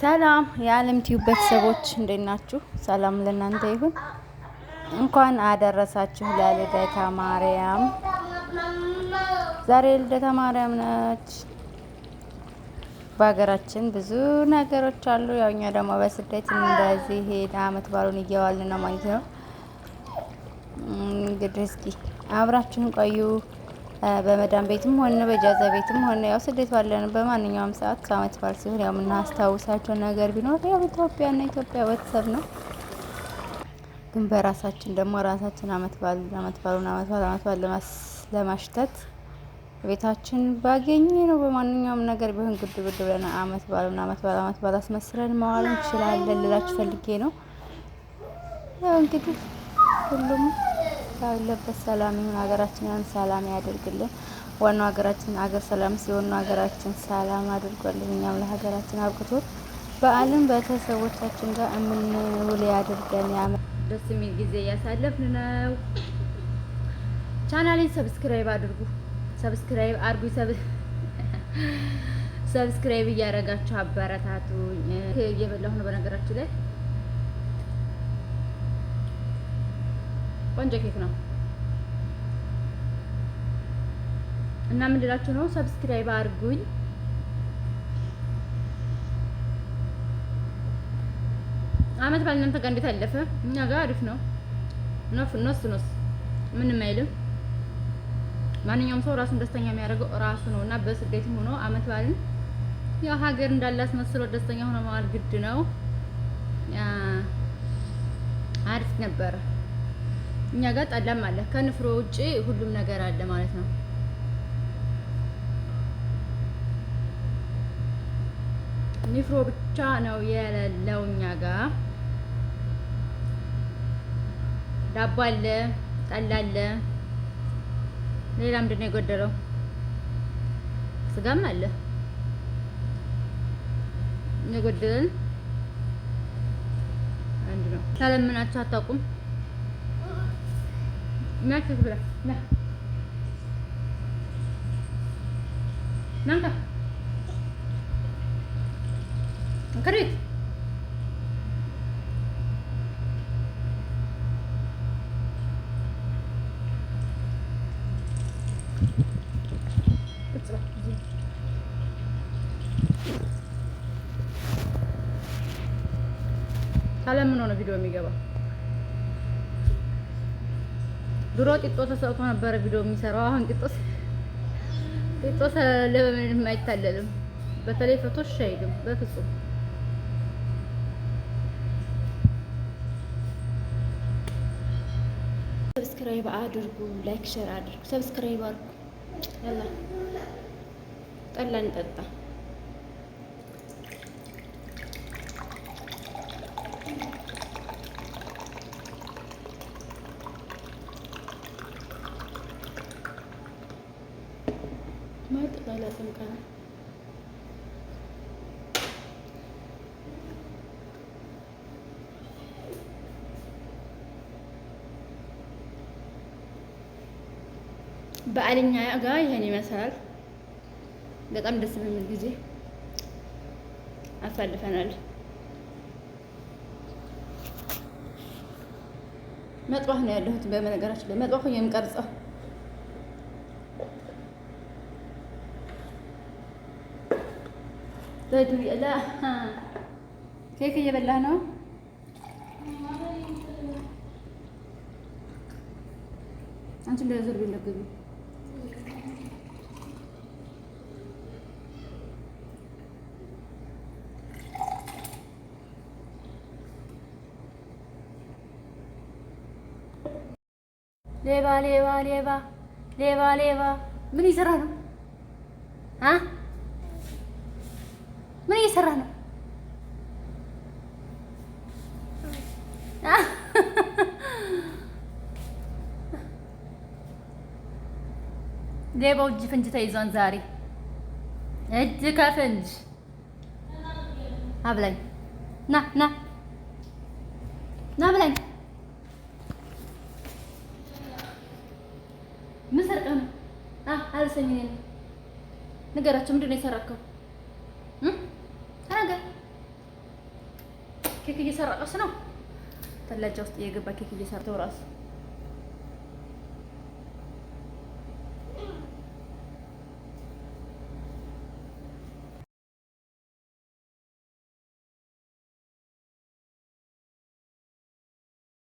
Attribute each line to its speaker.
Speaker 1: ሰላም የዓለም ቲዩብ ቤተሰቦች እንዴት ናችሁ? ሰላም ለእናንተ ይሁን። እንኳን አደረሳችሁ ለልደታ ማርያም። ዛሬ ልደታ ማርያም ነች። በሀገራችን ብዙ ነገሮች አሉ። ያው እኛ ደግሞ በስደት እንደዚህ ሄድ አመት ባሉን እየዋልን ነው ማለት ነው። እንግዲህ እስኪ አብራችሁን ቆዩ። በመዳን ቤትም ሆነ በጃዛ ቤትም ሆነ ያው ስደት ባለን በማንኛውም ሰዓት አመት በዓል ሲሆን ያው የምናስታውሳቸው ነገር ቢኖር ያው ኢትዮጵያና ኢትዮጵያ ቤተሰብ ነው። ግን በራሳችን ደግሞ ራሳችን አመት በዓል አመት በዓሉን አመት በዓል አመት በዓል ለማሽተት ቤታችን ባገኘ ነው በማንኛውም ነገር ቢሆን ግድ ግድ ብለን አመት በዓሉን አመት በዓል አመት በዓል አስመስለን መዋል እንችላለን ልላችሁ ፈልጌ ነው። ያው እንግዲህ ሁሉም ባለበት ሰላም ይሁን። ሀገራችንን ሰላም ያደርግልን። ዋናው ሀገራችን ሀገር ሰላም ሲሆን ሀገራችን ሰላም አድርጎልን እኛም ለሀገራችን አብቅቶ በዓልን ቤተሰቦቻችን ጋር የምንውል ያድርገን። ያመ ደስ የሚል ጊዜ እያሳለፍን ነው። ቻናሌን ሰብስክራይብ አድርጉ። ሰብስክራይብ አድርጉ። ሰብስክራይብ እያደረጋችሁ አበረታቱ። እየበላሁ ነው በነገራችን ላይ ቆንጆ ኬክ ነው እና ልላችሁ ነው ሰብስክራይብ አድርጉኝ። አመት በዓል እናንተ ጋር እንዴት አለፈ? እኛ ጋር አሪፍ ነው። ኖፍ ኖስ ኖስ ምንም አይልም። ማንኛውም ሰው ራሱን ደስተኛ የሚያደርገው ራሱ ነው እና በስደትም ሆኖ አመት በዓልን ያው ሀገር እንዳላስመስሎ ደስተኛ ሆኖ መዋል ግድ ነው። አሪፍ ነበር። እኛ ጋር ጠላም አለ። ከንፍሮ ውጪ ሁሉም ነገር አለ ማለት ነው። ንፍሮ ብቻ ነው የሌለው እኛ ጋር። ዳቦ አለ፣ ጠላ አለ። ሌላ ምንድን ነው የጎደለው? ስጋም አለ የጎደለን አንድ ነው። ተለምናችሁ አታውቁም? 泣きくだななんか明るい食べ物のビデオ見れば。ድሮ ጢጦ ተሰጥቶ ነበረ ቪዲዮ የሚሰራው። አሁን ጢጦ ጢጦ ለምን አይታለልም። በተለይ ፈቶሽ አይሄድም በፍጹም። ሰብስክራይብ አድርጉ፣ ላይክ ሼር አድርጉ። ሰብስክራይብ አድርጉ። ያላ ጠላ እንጠጣ። ለውጥ ባላጠምቃ ነው። በዓልኛ ጋር ይሄን ይመስላል። በጣም ደስ በሚል ጊዜ አሳልፈናል። መጥባህ ነው ያለሁት። በነገራችን ላይ መጥባህ ነው የምቀርጸው። ኬክ እየበላህ ነው። አንቺ እንዳያዘርብ የለብኝ። ሌባ ሌባ ሌባ ሌባ ሌባ ምን ይሰራ ነው? ምን እየሰራ ነው? ሌባው እጅ ፍንጅ ተይዟን ዛሬ እጅ ከፍንጅ አብላኝ ና ና ና ብላኝ ምን ሰርቀህ ነው? አልሰኝ ንገራቸው። ምንድን ነው የሰራከው? ኬክ እየሰራ እየሰራቀስ ነው። ተላጃ ውስጥ እየገባ ኬክ እየሰራ ተው ራሱ